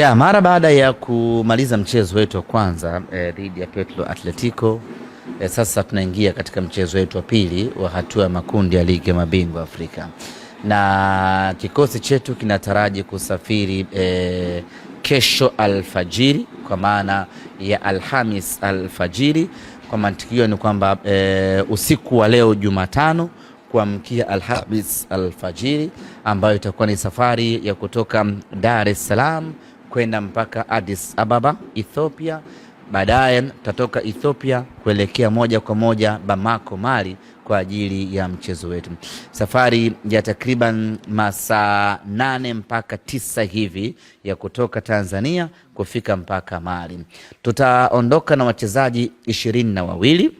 Ya, mara baada ya kumaliza mchezo wetu wa kwanza eh, dhidi eh, ya Petro Atletico eh, sasa tunaingia katika mchezo wetu wa pili wa hatua ya makundi ya ligi ya mabingwa Afrika na kikosi chetu kinataraji kusafiri eh, kesho alfajiri kwa maana ya Alhamis alfajiri. Kwa mantikio ni kwamba eh, usiku wa leo Jumatano kuamkia Alhamis alfajiri ambayo itakuwa ni safari ya kutoka Dar es Salaam kwenda mpaka Addis Ababa Ethiopia, baadaye tutatoka Ethiopia kuelekea moja kwa moja Bamako Mali kwa ajili ya mchezo wetu. Safari ya takriban masaa nane mpaka tisa hivi ya kutoka Tanzania kufika mpaka Mali. Tutaondoka na wachezaji ishirini na wawili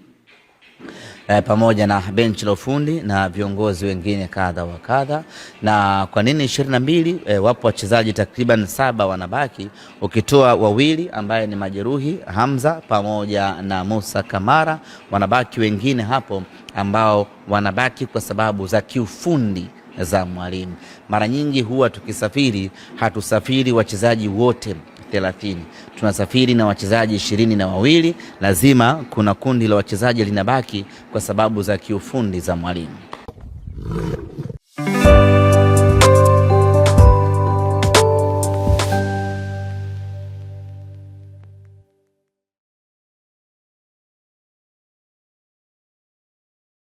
eh, pamoja na benchi la ufundi na viongozi wengine kadha wa kadha. Na kwa nini ishirini na mbili? Eh, wapo wachezaji takriban saba wanabaki, ukitoa wawili ambaye ni majeruhi Hamza pamoja na Musa Kamara, wanabaki wengine hapo ambao wanabaki kwa sababu za kiufundi za mwalimu. Mara nyingi huwa tukisafiri hatusafiri wachezaji wote 30. Tunasafiri na wachezaji ishirini na wawili, lazima kuna kundi la wachezaji linabaki kwa sababu za kiufundi za mwalimu.